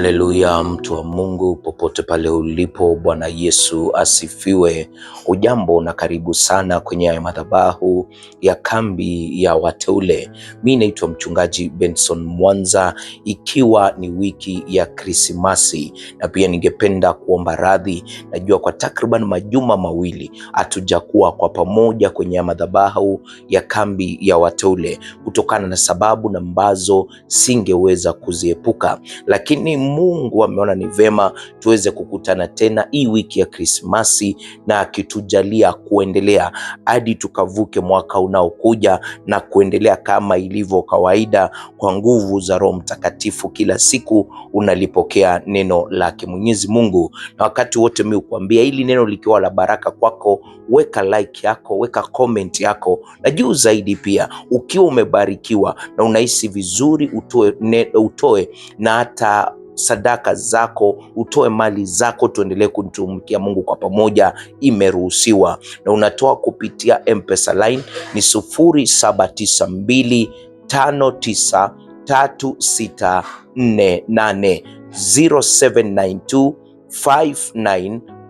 Haleluya, mtu wa Mungu popote pale ulipo, Bwana Yesu asifiwe. Ujambo na karibu sana kwenye haya madhabahu ya kambi ya wateule. Mi naitwa mchungaji Benson Mwanza, ikiwa ni wiki ya Krismasi, na pia ningependa kuomba radhi. Najua kwa takriban majuma mawili hatujakuwa kwa pamoja kwenye haya madhabahu ya kambi ya wateule kutokana na sababu ambazo singeweza kuziepuka, lakini Mungu ameona ni vema tuweze kukutana tena hii wiki ya Krismasi, na akitujalia kuendelea hadi tukavuke mwaka unaokuja na kuendelea kama ilivyo kawaida, kwa nguvu za Roho Mtakatifu, kila siku unalipokea neno lake Mwenyezi Mungu. Na wakati wote mimi hukwambia hili neno likiwa la baraka kwako, weka like yako, weka comment yako, na juu zaidi pia ukiwa umebarikiwa na unahisi vizuri, utoe, ne, utoe na hata sadaka zako, utoe mali zako, tuendelee kumtumikia Mungu kwa pamoja. Imeruhusiwa na unatoa kupitia Mpesa line ni 0792593648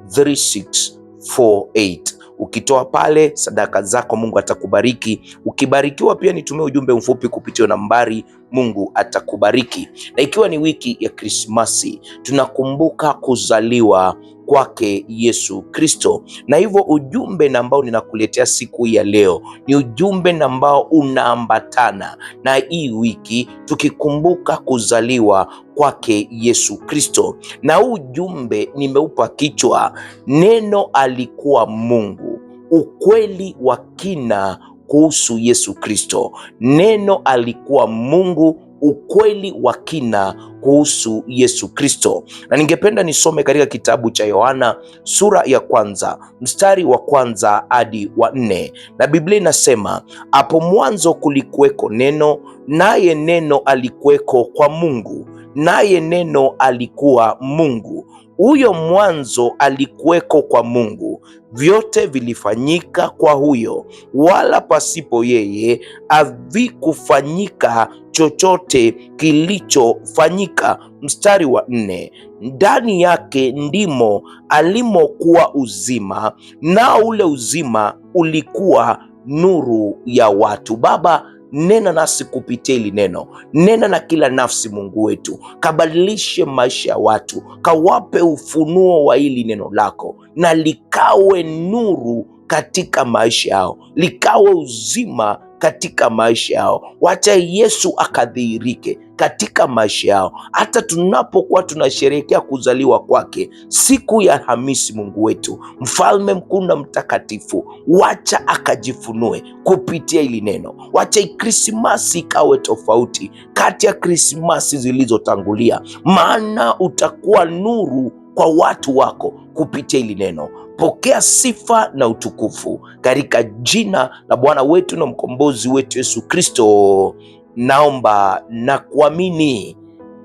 0792593648 Ukitoa pale sadaka zako Mungu atakubariki. Ukibarikiwa pia nitumie ujumbe mfupi kupitia nambari Mungu atakubariki. Na ikiwa ni wiki ya Krismasi, tunakumbuka kuzaliwa kwake Yesu Kristo, na hivyo ujumbe na ambao ninakuletea siku ya leo ni ujumbe na ambao unaambatana na hii wiki tukikumbuka kuzaliwa kwake Yesu Kristo, na huu ujumbe nimeupa kichwa neno alikuwa Mungu, ukweli wa kina kuhusu Yesu Kristo. Neno alikuwa Mungu, ukweli wa kina kuhusu Yesu Kristo. Na ningependa nisome katika kitabu cha Yohana sura ya kwanza mstari wa kwanza hadi wa nne, na Biblia inasema hapo mwanzo kulikuweko neno, naye neno alikuweko kwa Mungu naye neno alikuwa Mungu. Huyo mwanzo alikuweko kwa Mungu, vyote vilifanyika kwa huyo, wala pasipo yeye havikufanyika chochote kilichofanyika. Mstari wa nne, ndani yake ndimo alimokuwa uzima, nao ule uzima ulikuwa nuru ya watu. Baba Nena nasi kupitia hili neno, nena na kila nafsi. Mungu wetu, kabadilishe maisha ya watu, kawape ufunuo wa hili neno lako, na likawe nuru katika maisha yao, likawe uzima katika maisha yao, wacha Yesu akadhihirike katika maisha yao. Hata tunapokuwa tunasherehekea kuzaliwa kwake siku ya Alhamisi, Mungu wetu mfalme mkuu na mtakatifu, wacha akajifunue kupitia hili neno. Wacha Krismasi ikawe tofauti kati ya Krismasi zilizotangulia, maana utakuwa nuru kwa watu wako kupitia hili neno. Pokea sifa na utukufu katika jina la Bwana wetu na mkombozi wetu Yesu Kristo, naomba na kuamini.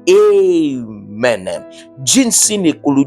Amen. Jinsi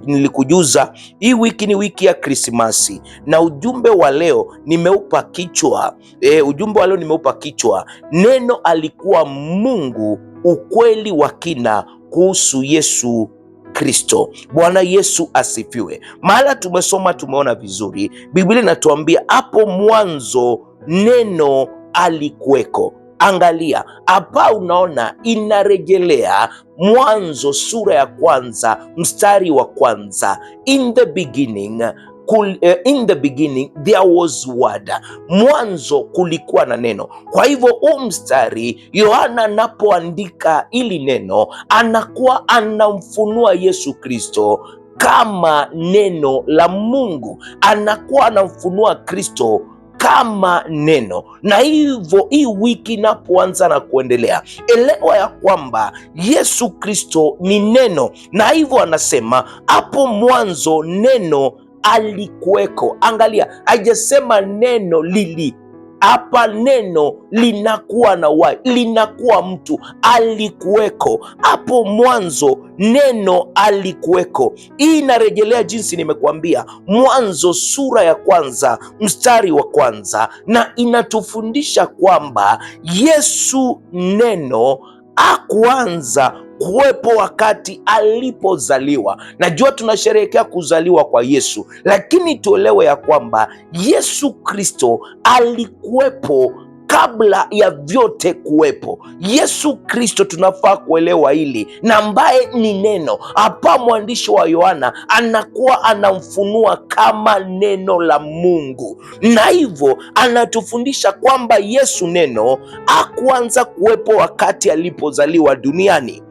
nilikujuza, hii wiki ni wiki ya Krismasi na ujumbe wa leo nimeupa kichwa e, ujumbe wa leo nimeupa kichwa neno alikuwa Mungu, ukweli wa kina kuhusu Yesu Kristo. Bwana Yesu asifiwe. Mahala tumesoma tumeona vizuri, Biblia inatuambia hapo mwanzo neno alikuweko. Angalia hapa, unaona inarejelea Mwanzo sura ya kwanza mstari wa kwanza, in the beginning kul, uh, in the beginning there was word, mwanzo kulikuwa na neno. Kwa hivyo huu mstari Yohana anapoandika ili neno anakuwa anamfunua Yesu Kristo kama neno la Mungu, anakuwa anamfunua Kristo kama neno. Na hivyo hii wiki inapoanza na kuendelea, elewa ya kwamba Yesu Kristo ni neno, na hivyo anasema hapo mwanzo neno alikuweko. Angalia, haijasema neno lili hapa neno linakuwa na uhai, linakuwa mtu. Alikuweko hapo mwanzo, neno alikuweko. Hii inarejelea jinsi nimekuambia Mwanzo sura ya kwanza mstari wa kwanza, na inatufundisha kwamba Yesu neno akuanza kuwepo wakati alipozaliwa. Najua tunasherehekea kuzaliwa kwa Yesu, lakini tuelewe ya kwamba Yesu Kristo alikuwepo kabla ya vyote kuwepo. Yesu Kristo, tunafaa kuelewa hili, na ambaye ni neno. Hapa mwandishi wa Yohana anakuwa anamfunua kama neno la Mungu, na hivyo anatufundisha kwamba Yesu neno hakuanza kuwepo wakati alipozaliwa duniani,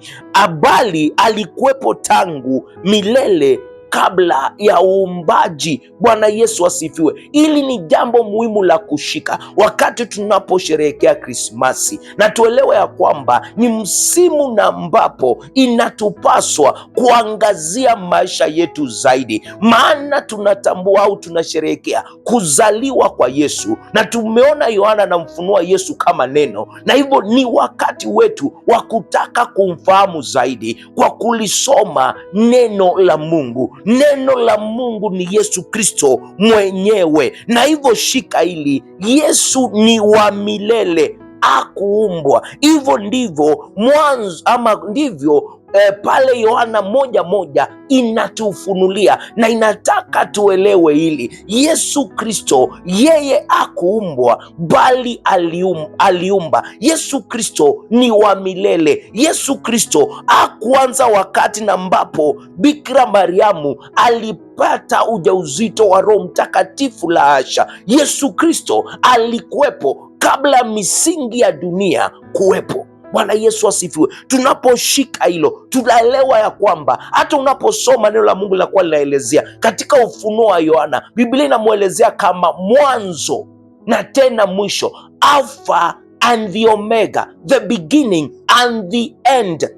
bali alikuwepo tangu milele kabla ya uumbaji. Bwana Yesu asifiwe. Hili ni jambo muhimu la kushika wakati tunaposherehekea Krismasi, na tuelewe ya kwamba ni msimu na ambapo inatupaswa kuangazia maisha yetu zaidi, maana tunatambua au tunasherehekea kuzaliwa kwa Yesu, na tumeona Yohana anamfunua Yesu kama neno, na hivyo ni wakati wetu wa kutaka kumfahamu zaidi kwa kulisoma neno la Mungu Neno la Mungu ni Yesu Kristo mwenyewe, na hivyo shika hili, Yesu ni wa milele, akuumbwa. Hivyo ndivyo mwanzo ama ndivyo eh, pale Yohana moja moja inatufunulia na inataka tuelewe hili. Yesu Kristo yeye akuumbwa bali alium, aliumba. Yesu Kristo ni wa milele. Yesu Kristo akuanza wakati na ambapo Bikira Mariamu alipata ujauzito wa Roho Mtakatifu, la asha Yesu Kristo alikuwepo kabla misingi ya dunia kuwepo. Bwana Yesu asifiwe. Tunaposhika hilo, tunaelewa ya kwamba hata unaposoma neno la Mungu linakuwa linaelezea katika Ufunuo wa Yohana, Biblia inamwelezea kama mwanzo na tena mwisho, Alpha and the Omega, the beginning and the end.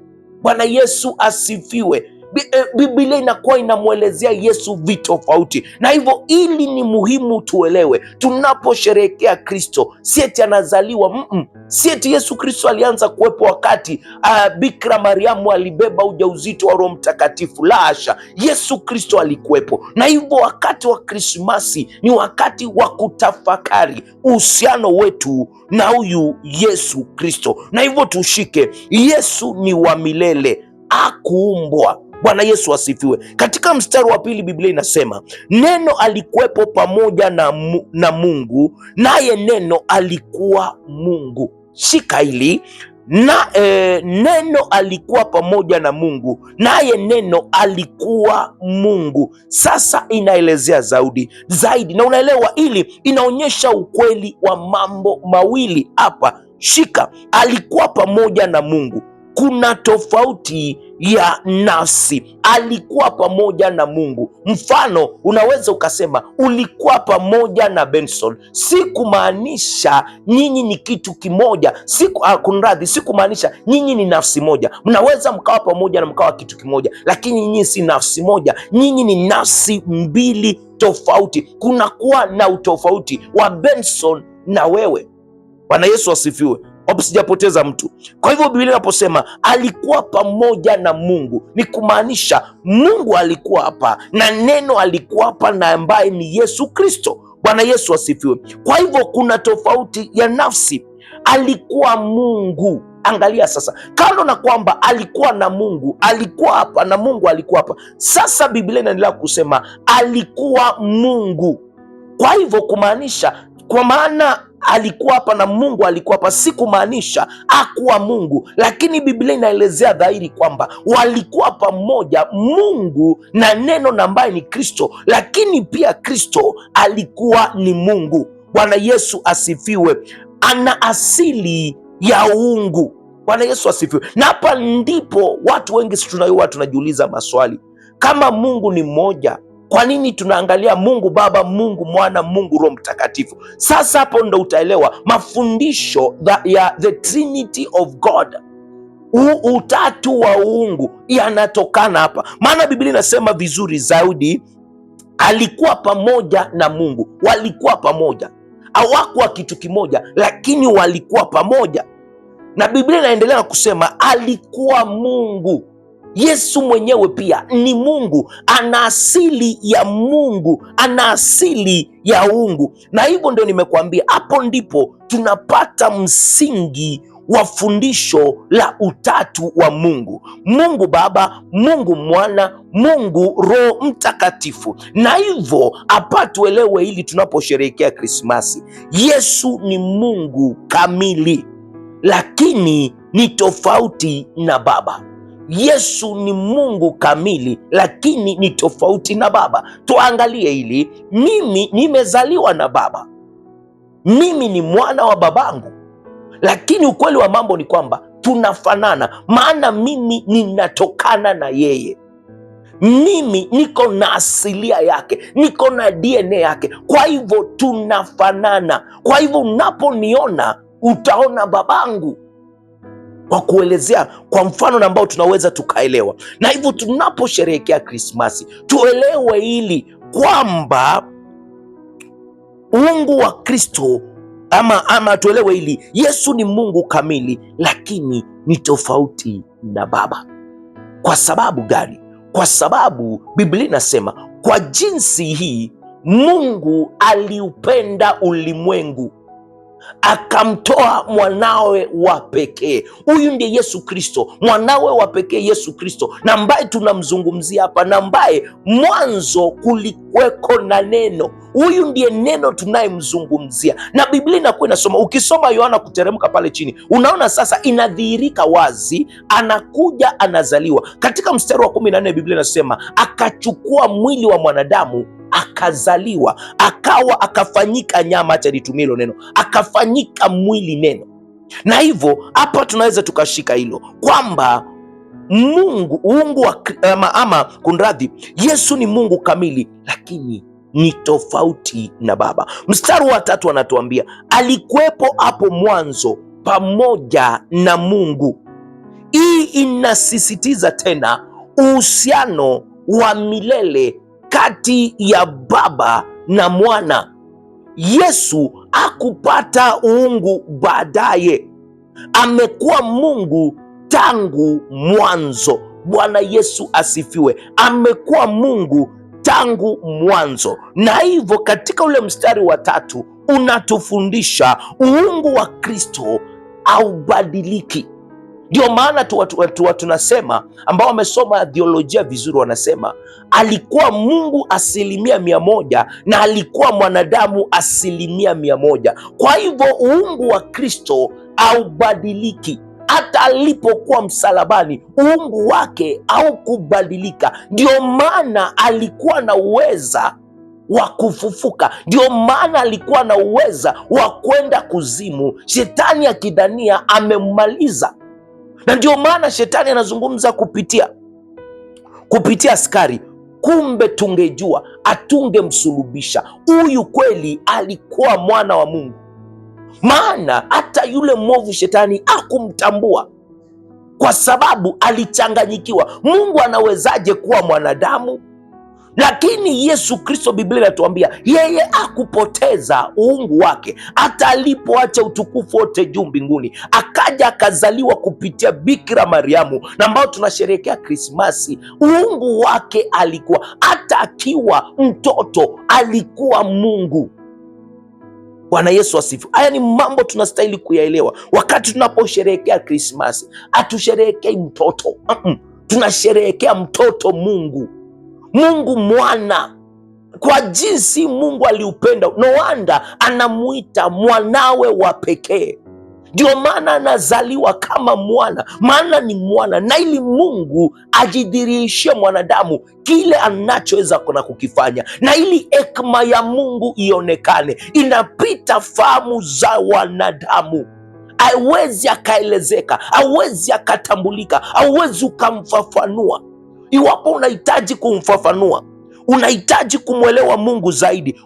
Bwana Yesu asifiwe. Eh, Biblia inakuwa inamwelezea Yesu vitu tofauti, na hivyo ili ni muhimu tuelewe. Tunaposherehekea Kristo sieti anazaliwa mm -mm. Sieti Yesu Kristo alianza kuwepo wakati uh, Bikira Mariamu alibeba ujauzito wa Roho Mtakatifu. La hasha, Yesu Kristo alikuwepo, na hivyo wakati wa Krismasi ni wakati wa kutafakari uhusiano wetu na huyu Yesu Kristo, na hivyo tushike, Yesu ni wa milele, akuumbwa Bwana Yesu asifiwe. Katika mstari wa pili Biblia inasema neno alikuwepo pamoja na, mu, na Mungu naye neno alikuwa Mungu. Shika hili na e, neno alikuwa pamoja na Mungu naye neno alikuwa Mungu. Sasa inaelezea zaidi zaidi, na unaelewa, ili inaonyesha ukweli wa mambo mawili hapa. Shika, alikuwa pamoja na Mungu. Kuna tofauti ya nafsi, alikuwa pamoja na Mungu. Mfano, unaweza ukasema ulikuwa pamoja na Benson. Si kumaanisha nyinyi ni kitu kimoja, siku ah, kunradhi, si kumaanisha nyinyi ni nafsi moja. Mnaweza mkawa pamoja na mkawa kitu kimoja, lakini nyinyi si nafsi moja, nyinyi ni nafsi mbili tofauti. Kunakuwa na utofauti wa Benson na wewe. Bwana Yesu asifiwe wapo, sijapoteza mtu. Kwa hivyo Biblia inaposema alikuwa pamoja na Mungu ni kumaanisha Mungu alikuwa hapa na neno alikuwa hapa na ambaye ni Yesu Kristo. Bwana Yesu asifiwe. Kwa hivyo kuna tofauti ya nafsi, alikuwa Mungu. Angalia sasa, kando na kwamba alikuwa na Mungu, alikuwa hapa na Mungu alikuwa hapa. Sasa Biblia inaendelea kusema alikuwa Mungu, kwa hivyo kumaanisha, kwa maana alikuwa hapa na Mungu alikuwa hapa, si kumaanisha akuwa Mungu, lakini Biblia inaelezea dhahiri kwamba walikuwa pamoja Mungu na neno na ambaye ni Kristo, lakini pia Kristo alikuwa ni Mungu. Bwana Yesu asifiwe, ana asili ya uungu. Bwana Yesu asifiwe. Na hapa ndipo watu wengi si tunayoa tunajiuliza maswali kama Mungu ni mmoja kwa nini tunaangalia Mungu Baba, Mungu Mwana, Mungu Roho Mtakatifu? Sasa hapo ndo utaelewa mafundisho ya the Trinity of God, utatu wa uungu yanatokana hapa, maana Biblia inasema vizuri zaidi, alikuwa pamoja na Mungu, walikuwa pamoja, hawakuwa kitu kimoja, lakini walikuwa pamoja, na Biblia inaendelea kusema alikuwa Mungu Yesu mwenyewe pia ni Mungu, ana asili ya Mungu, ana asili ya uungu, na hivyo ndio nimekuambia, hapo ndipo tunapata msingi wa fundisho la utatu wa Mungu, Mungu Baba, Mungu Mwana, Mungu Roho Mtakatifu. Na hivyo hapa tuelewe hili tunaposherehekea Krismasi. Yesu ni Mungu kamili, lakini ni tofauti na Baba. Yesu ni Mungu kamili, lakini ni tofauti na Baba. Tuangalie hili, mimi nimezaliwa na Baba, mimi ni mwana wa babangu, lakini ukweli wa mambo ni kwamba tunafanana, maana mimi ninatokana na yeye mimi niko na asilia yake, niko na DNA yake, kwa hivyo tunafanana. Kwa hivyo unaponiona utaona babangu, wa kuelezea kwa mfano na ambao tunaweza tukaelewa. Na hivyo tunaposherehekea Krismasi tuelewe hili kwamba uungu wa Kristo ama, ama tuelewe hili, Yesu ni Mungu kamili, lakini ni tofauti na Baba. Kwa sababu gani? Kwa sababu Biblia inasema kwa jinsi hii Mungu aliupenda ulimwengu akamtoa mwanawe wa pekee. Huyu ndiye Yesu Kristo, mwanawe wa pekee Yesu Kristo, na ambaye tunamzungumzia hapa, na ambaye mwanzo kulikweko na neno. Huyu ndiye neno tunayemzungumzia, na Biblia inakuwa inasoma. Ukisoma Yohana kuteremka pale chini, unaona sasa inadhihirika wazi, anakuja, anazaliwa. Katika mstari wa kumi na nne Biblia inasema akachukua mwili wa mwanadamu akazaliwa, akawa akafanyika nyama, acha litumie hilo neno, akafanyika mwili neno. Na hivyo hapa tunaweza tukashika hilo kwamba Mungu uungu wa, ama, ama kunradhi, Yesu ni Mungu kamili, lakini ni tofauti na Baba. Mstari wa tatu anatuambia alikuwepo hapo mwanzo pamoja na Mungu. Hii inasisitiza tena uhusiano wa milele kati ya Baba na Mwana. Yesu akupata uungu baadaye, amekuwa Mungu tangu mwanzo. Bwana Yesu asifiwe. Amekuwa Mungu tangu mwanzo, na hivyo katika ule mstari wa tatu unatufundisha uungu wa Kristo haubadiliki. Ndio maana tu watu tunasema, ambao wamesoma theolojia vizuri, wanasema alikuwa Mungu asilimia mia moja na alikuwa mwanadamu asilimia mia moja. Kwa hivyo uungu wa Kristo haubadiliki hata alipokuwa msalabani uungu wake haukubadilika. Ndio maana alikuwa na uweza wa kufufuka, ndio maana alikuwa na uweza wa kwenda kuzimu. Shetani akidhania amemmaliza na ndio maana shetani anazungumza kupitia kupitia askari. Kumbe tungejua atungemsulubisha huyu, kweli alikuwa mwana wa Mungu. Maana hata yule mwovu shetani akumtambua kwa sababu alichanganyikiwa. Mungu anawezaje kuwa mwanadamu? Lakini Yesu Kristo, Biblia inatuambia yeye akupoteza uungu wake hata alipoacha utukufu wote juu mbinguni, akaja akazaliwa kupitia Bikira Mariamu, na ambao tunasherehekea Krismasi. Uungu wake alikuwa, hata akiwa mtoto alikuwa Mungu. Bwana Yesu asifu. Haya ni mambo tunastahili kuyaelewa wakati tunaposherehekea Krismasi. Hatusherehekei mtoto uh -uh. Tunasherehekea mtoto Mungu, Mungu mwana kwa jinsi Mungu aliupenda, noanda anamuita mwanawe wa pekee ndio maana anazaliwa kama mwana, maana ni mwana, na ili Mungu ajidhirishie mwanadamu kile anachoweza kuna kukifanya, na ili hekima ya Mungu ionekane, inapita fahamu za wanadamu awezi akaelezeka, awezi akatambulika, awezi ukamfafanua. Iwapo unahitaji kumfafanua Unahitaji kumwelewa Mungu zaidi,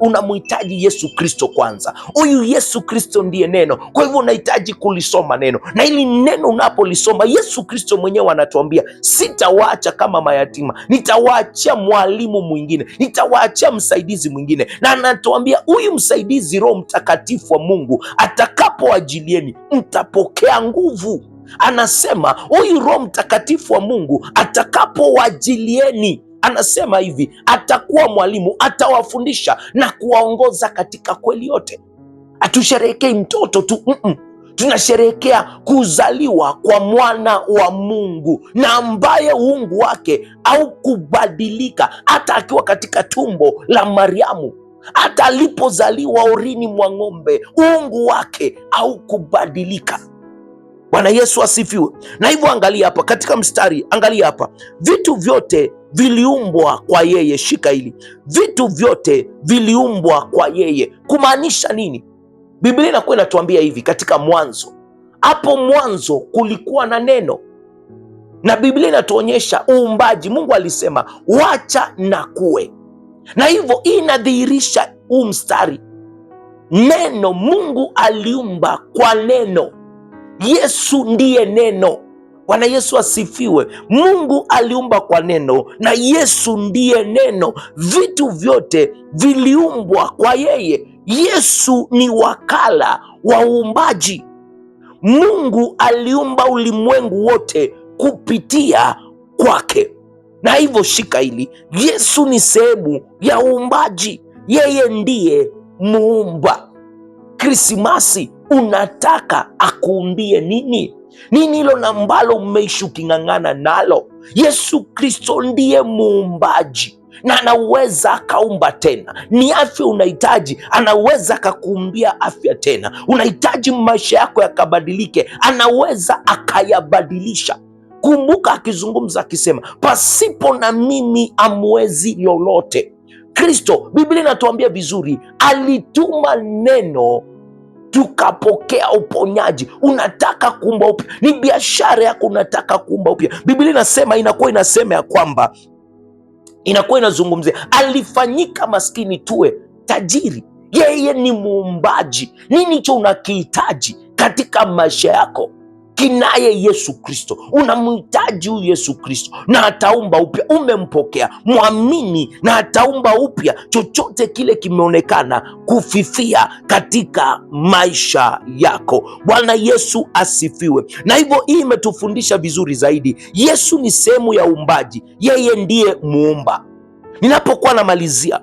unamhitaji una Yesu Kristo kwanza. Huyu Yesu Kristo ndiye neno, kwa hivyo unahitaji kulisoma neno, na ili neno unapolisoma, Yesu Kristo mwenyewe anatuambia, sitawaacha kama mayatima, nitawaachia mwalimu mwingine, nitawaachia msaidizi mwingine. Na anatuambia huyu msaidizi, Roho Mtakatifu wa Mungu atakapoajilieni, mtapokea nguvu. Anasema huyu Roho Mtakatifu wa Mungu atakapowajilieni anasema hivi, atakuwa mwalimu, atawafundisha na kuwaongoza katika kweli yote. Hatusherehekei mtoto tu mm -mm. Tunasherehekea kuzaliwa kwa mwana wa Mungu na ambaye uungu wake haukubadilika hata akiwa katika tumbo la Mariamu, hata alipozaliwa orini mwa ng'ombe, uungu wake haukubadilika. Bwana Yesu asifiwe. Na hivyo angalia hapa katika mstari, angalia hapa, vitu vyote viliumbwa kwa yeye. Shika hili, vitu vyote viliumbwa kwa yeye, kumaanisha nini? Biblia inakuwa inatuambia hivi katika Mwanzo, hapo mwanzo kulikuwa na neno, na Biblia inatuonyesha uumbaji. Mungu alisema wacha na kuwe, na hivyo hii inadhihirisha huu mstari, neno Mungu aliumba kwa neno Yesu ndiye neno. Bwana Yesu asifiwe. Mungu aliumba kwa neno na Yesu ndiye neno. Vitu vyote viliumbwa kwa yeye. Yesu ni wakala wa uumbaji. Mungu aliumba ulimwengu wote kupitia kwake, na hivyo shika hili, Yesu ni sehemu ya uumbaji. Yeye ndiye muumba. Krismasi unataka akuumbie nini? Nini hilo mbalo umeishi uking'ang'ana nalo? Yesu Kristo ndiye muumbaji na anaweza akaumba tena. Ni afya unahitaji, anaweza akakuumbia afya tena. Unahitaji maisha yako yakabadilike, anaweza akayabadilisha. Kumbuka akizungumza akisema, pasipo na mimi amwezi lolote. Kristo, Biblia inatuambia vizuri, alituma neno tukapokea uponyaji. Unataka kuumba upya, ni biashara yako, unataka kuumba upya. Biblia inasema inakuwa inasema ya kwamba inakuwa inazungumzia alifanyika maskini tuwe tajiri. Yeye ni muumbaji. Nini cho unakihitaji katika maisha yako? kinaye Yesu Kristo. Unamhitaji huyu Yesu Kristo na ataumba upya. Umempokea, mwamini na ataumba upya chochote kile kimeonekana kufifia katika maisha yako. Bwana Yesu asifiwe. Na hivyo hii imetufundisha vizuri zaidi, Yesu ni sehemu ya uumbaji, yeye ndiye muumba. Ninapokuwa namalizia,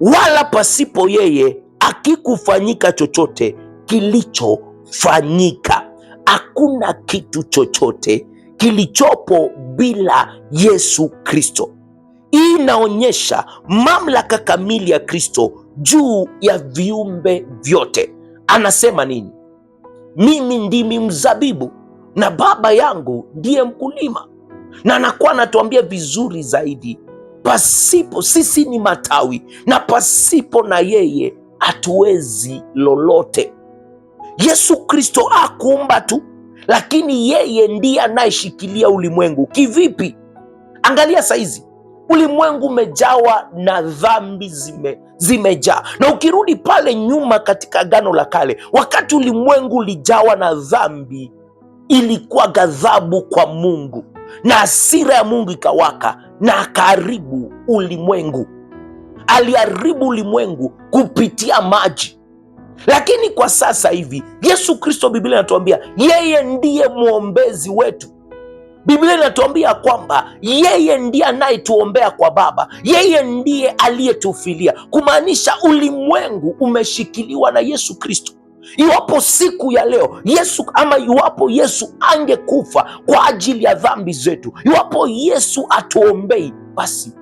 wala pasipo yeye akikufanyika chochote kilichofanyika Hakuna kitu chochote kilichopo bila Yesu Kristo. Hii inaonyesha mamlaka kamili ya Kristo juu ya viumbe vyote. Anasema nini? Mimi ndimi mzabibu na Baba yangu ndiye mkulima, na anakuwa anatuambia vizuri zaidi, pasipo sisi ni matawi, na pasipo na yeye hatuwezi lolote. Yesu Kristo akuumba tu, lakini yeye ndiye anayeshikilia ulimwengu. Kivipi? Angalia saizi ulimwengu umejawa na dhambi, zime zimejaa. Na ukirudi pale nyuma katika Agano la Kale, wakati ulimwengu ulijawa na dhambi, ilikuwa ghadhabu kwa Mungu na hasira ya Mungu ikawaka na akaharibu ulimwengu. Aliharibu ulimwengu kupitia maji. Lakini kwa sasa hivi Yesu Kristo, Biblia inatuambia yeye ndiye mwombezi wetu. Biblia inatuambia kwamba yeye ndiye anayetuombea kwa Baba, yeye ndiye aliyetufilia, kumaanisha ulimwengu umeshikiliwa na Yesu Kristo. Iwapo siku ya leo Yesu ama iwapo Yesu angekufa kwa ajili ya dhambi zetu, iwapo Yesu atuombei, basi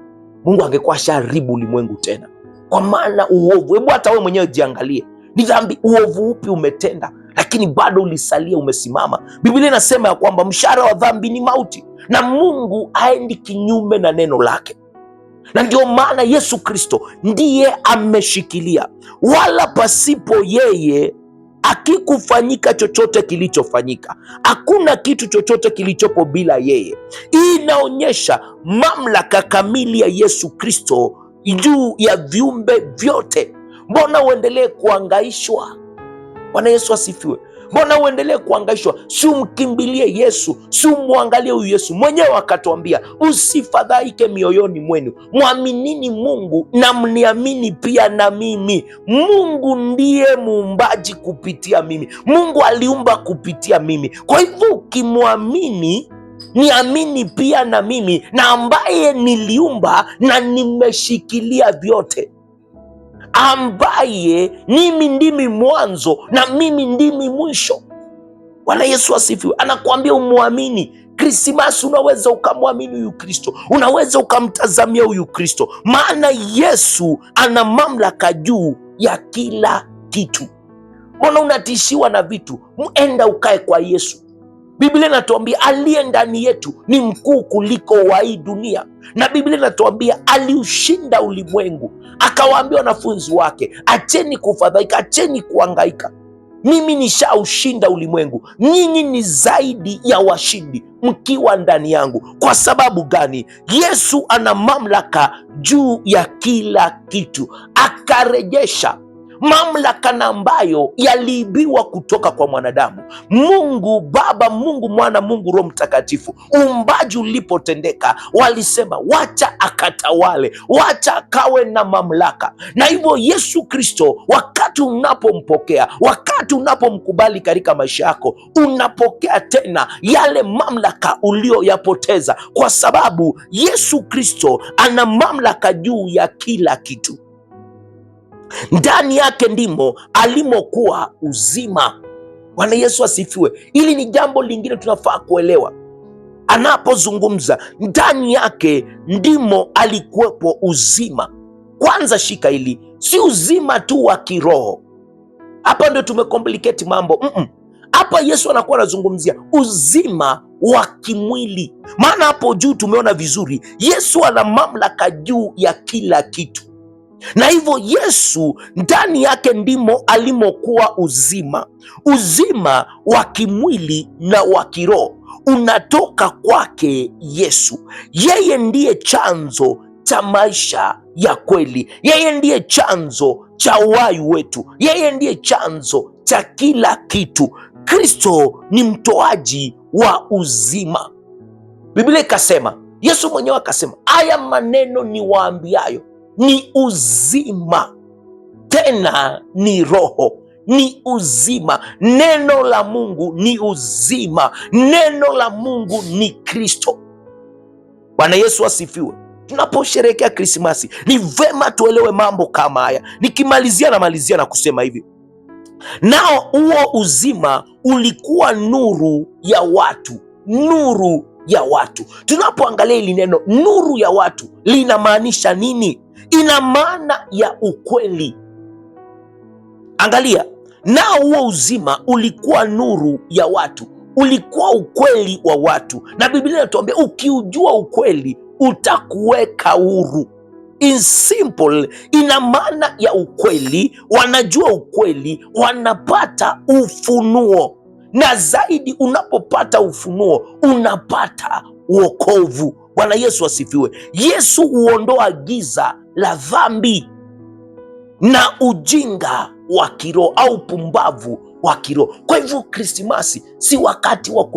Mungu angekuwa asharibu ulimwengu tena, kwa maana uovu. Hebu hata wewe mwenyewe jiangalie. Ni dhambi uovu upi umetenda, lakini bado ulisalia umesimama? Biblia inasema ya kwamba mshahara wa dhambi ni mauti, na Mungu aendi kinyume na neno lake, na ndio maana Yesu Kristo ndiye ameshikilia, wala pasipo yeye akikufanyika chochote kilichofanyika. Hakuna kitu chochote kilichopo bila yeye. Hii inaonyesha mamlaka kamili ya Yesu Kristo juu ya viumbe vyote Mbona uendelee kuangaishwa? Bwana Yesu asifiwe. Mbona uendelee kuangaishwa? Si umkimbilie Yesu, si umwangalie huyu Yesu. Mwenyewe akatuambia usifadhaike mioyoni mwenu, mwaminini Mungu na mniamini pia na mimi. Mungu ndiye muumbaji kupitia mimi, Mungu aliumba kupitia mimi. Kwa hivyo ukimwamini niamini pia na mimi, na ambaye niliumba na nimeshikilia vyote ambaye mimi ndimi mwanzo na mimi ndimi mwisho. Bwana Yesu asifiwe. Anakuambia umwamini Krismasi unaweza ukamwamini huyu Kristo, unaweza ukamtazamia huyu Kristo, maana Yesu ana mamlaka juu ya kila kitu. Mbona unatishiwa na vitu? Enda ukae kwa Yesu. Biblia inatuambia aliye ndani yetu ni mkuu kuliko wa hii dunia, na Biblia inatuambia aliushinda ulimwengu. Akawaambia wanafunzi wake, acheni kufadhaika, acheni kuangaika, mimi nishaushinda ulimwengu. Nyinyi ni zaidi ya washindi mkiwa ndani yangu. Kwa sababu gani? Yesu ana mamlaka juu ya kila kitu, akarejesha mamlaka na ambayo yaliibiwa kutoka kwa mwanadamu. Mungu Baba, Mungu Mwana, Mungu Roho Mtakatifu, uumbaji ulipotendeka, walisema wacha akatawale, wacha akawe na mamlaka. Na hivyo Yesu Kristo, wakati unapompokea, wakati unapomkubali katika maisha yako, unapokea tena yale mamlaka uliyoyapoteza, kwa sababu Yesu Kristo ana mamlaka juu ya kila kitu ndani yake ndimo alimokuwa uzima. Bwana Yesu asifiwe. Hili ni jambo lingine tunafaa kuelewa. Anapozungumza ndani yake ndimo alikuwepo uzima, kwanza shika hili, si uzima tu wa kiroho. Hapa ndio tumekompliketi mambo mm-mm. Hapa Yesu anakuwa anazungumzia uzima wa kimwili, maana hapo juu tumeona vizuri, Yesu ana mamlaka juu ya kila kitu na hivyo Yesu ndani yake ndimo alimokuwa uzima, uzima wa kimwili na wa kiroho unatoka kwake Yesu. Yeye ndiye chanzo cha maisha ya kweli, yeye ndiye chanzo cha uhai wetu, yeye ndiye chanzo cha kila kitu. Kristo ni mtoaji wa uzima. Biblia ikasema, Yesu mwenyewe akasema, haya maneno ni waambiayo ni uzima, tena ni roho ni uzima. Neno la Mungu ni uzima. Neno la Mungu ni Kristo. Bwana Yesu asifiwe. Tunaposherehekea Krismasi ni vema tuelewe mambo kama haya. Nikimalizia namalizia na kusema hivi, nao huo uzima ulikuwa nuru ya watu, nuru ya watu. Tunapoangalia hili neno nuru ya watu linamaanisha nini? ina maana ya ukweli. Angalia, nao huo uzima ulikuwa nuru ya watu, ulikuwa ukweli wa watu, na Biblia inatuambia ukiujua ukweli utakuweka huru. In simple, ina maana ya ukweli, wanajua ukweli, wanapata ufunuo, na zaidi, unapopata ufunuo unapata wokovu. Bwana Yesu asifiwe. Yesu huondoa giza la dhambi na ujinga wa kiroho au pumbavu wa kiroho. Kwa hivyo, Krismasi si wakati wa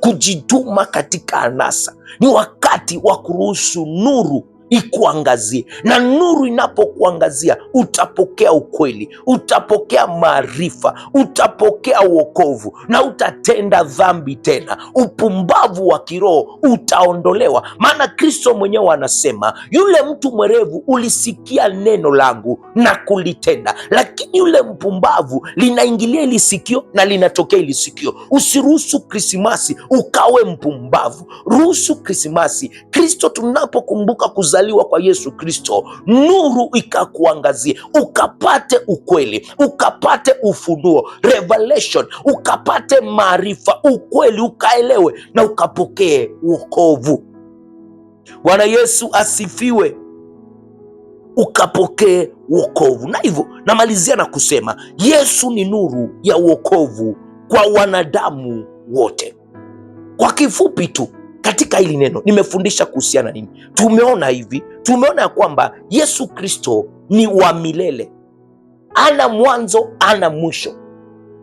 kujituma katika anasa, ni wakati wa kuruhusu nuru ikuangazie, na nuru inapokuangazia utapokea ukweli, utapokea maarifa, utapokea uokovu na utatenda dhambi tena. Upumbavu wa kiroho utaondolewa, maana Kristo mwenyewe anasema, yule mtu mwerevu ulisikia neno langu na kulitenda, lakini yule mpumbavu linaingilia ili sikio na linatokea ili sikio. Usiruhusu Krismasi ukawe mpumbavu, ruhusu Krismasi. Kristo tunapokumbuka kuza kuzaliwa kwa Yesu Kristo, nuru ikakuangazie, ukapate ukweli, ukapate ufunuo revelation, ukapate maarifa, ukweli ukaelewe na ukapokee wokovu. Bwana Yesu asifiwe, ukapokee wokovu. Na hivyo namalizia na kusema Yesu ni nuru ya wokovu kwa wanadamu wote. Kwa kifupi tu katika hili neno nimefundisha kuhusiana nini? Tumeona hivi, tumeona ya kwamba Yesu Kristo ni wa milele, ana mwanzo, ana mwisho,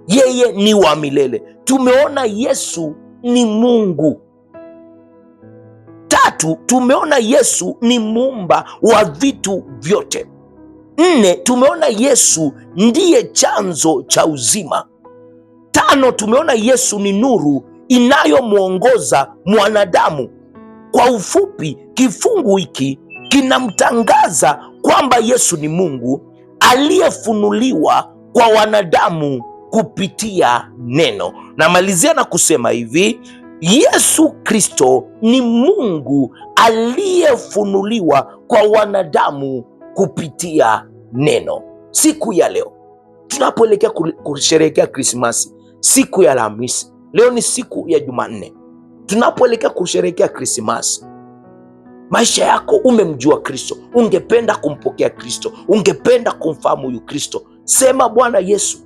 yeye ni wa milele. Tumeona Yesu ni Mungu. Tatu, tumeona Yesu ni muumba wa vitu vyote. Nne, tumeona Yesu ndiye chanzo cha uzima. Tano, tumeona Yesu ni nuru inayomwongoza mwanadamu. Kwa ufupi, kifungu hiki kinamtangaza kwamba Yesu ni Mungu aliyefunuliwa kwa wanadamu kupitia neno. Namalizia na kusema hivi, Yesu Kristo ni Mungu aliyefunuliwa kwa wanadamu kupitia neno. Siku ya leo tunapoelekea kusherehekea Krismasi, siku ya Alhamisi, Leo ni siku ya Jumanne, tunapoelekea kusherehekea Krismasi. Maisha yako umemjua Kristo, ungependa kumpokea Kristo, ungependa kumfahamu huyu Kristo. Sema, Bwana Yesu,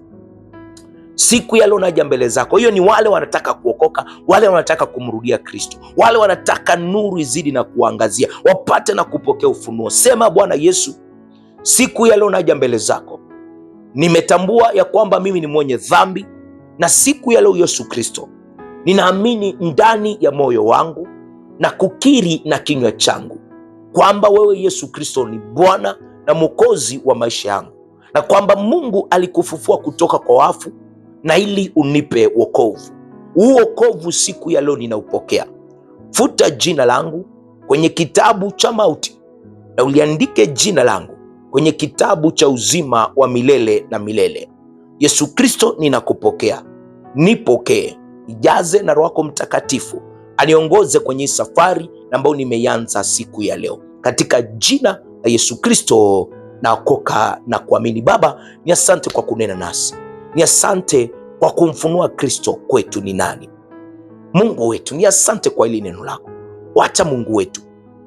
siku ya leo naja mbele zako. Hiyo ni wale wanataka kuokoka, wale wanataka kumrudia Kristo, wale wanataka nuru izidi na kuangazia, wapate na kupokea ufunuo. Sema, Bwana Yesu, siku ya leo naja mbele zako, nimetambua ya kwamba mimi ni mwenye dhambi na siku ya leo Yesu Kristo, ninaamini ndani ya moyo wangu na kukiri na kinywa changu kwamba wewe Yesu Kristo ni Bwana na Mwokozi wa maisha yangu na kwamba Mungu alikufufua kutoka kwa wafu na ili unipe wokovu. Huu wokovu siku ya leo ninaupokea. Futa jina langu kwenye kitabu cha mauti na uliandike jina langu kwenye kitabu cha uzima wa milele na milele. Yesu Kristo, ninakupokea nipokee, ijaze na Roho Mtakatifu, aniongoze kwenye safari ambayo nimeianza siku ya leo, katika jina la Yesu Kristo naokoka na kuamini. Baba, ni asante kwa kunena nasi, ni asante kwa kumfunua Kristo kwetu ni nani. Mungu wetu, ni asante kwa hili neno lako. Wacha Mungu wetu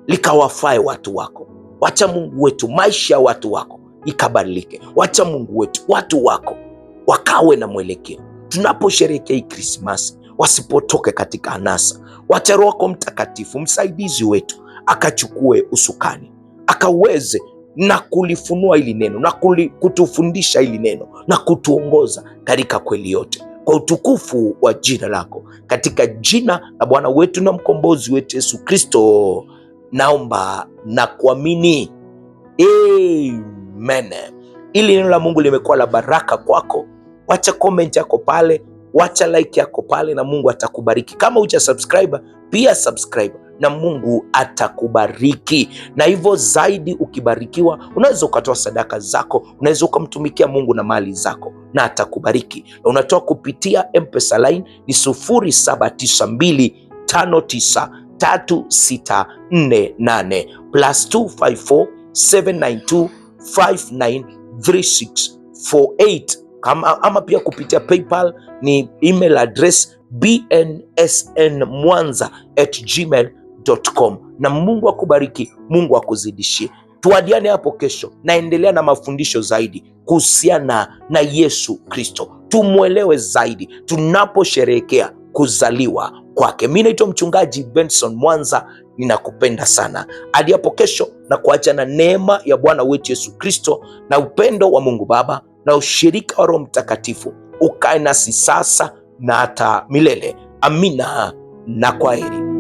likawafae watu wako. Wacha Mungu wetu maisha ya watu wako ikabadilike. Wacha Mungu wetu watu wako wakawe na mwelekeo tunaposherekea hii Krismasi wasipotoke katika anasa. Wacha Roho wako Mtakatifu, msaidizi wetu, akachukue usukani, akaweze na kulifunua hili neno na kutufundisha hili neno na kutuongoza katika kweli yote kwa utukufu wa jina lako, katika jina la Bwana wetu na mkombozi wetu Yesu Kristo, naomba na kuamini, amen. Hili neno la Mungu limekuwa la baraka kwako wacha comment yako pale, wacha like yako pale, na Mungu atakubariki. Kama uja subscribe pia subscribe, na Mungu atakubariki. Na hivyo zaidi, ukibarikiwa, unaweza ukatoa sadaka zako, unaweza ukamtumikia Mungu na mali zako na atakubariki. na Unatoa kupitia Mpesa line ni nane plus 254 792 593648 kama ama pia kupitia PayPal ni email address bnsnmwanza@gmail.com. Na Mungu akubariki, Mungu akuzidishie. Tuadiane hapo kesho, naendelea na mafundisho zaidi kuhusiana na Yesu Kristo, tumwelewe zaidi tunaposherehekea kuzaliwa kwake. Mi naitwa Mchungaji Benson Mwanza, ninakupenda sana. Hadi hapo kesho, na kuacha na neema ya Bwana wetu Yesu Kristo na upendo wa Mungu Baba na ushirika wa Roho Mtakatifu ukae nasi sasa na hata milele. Amina na kwaheri.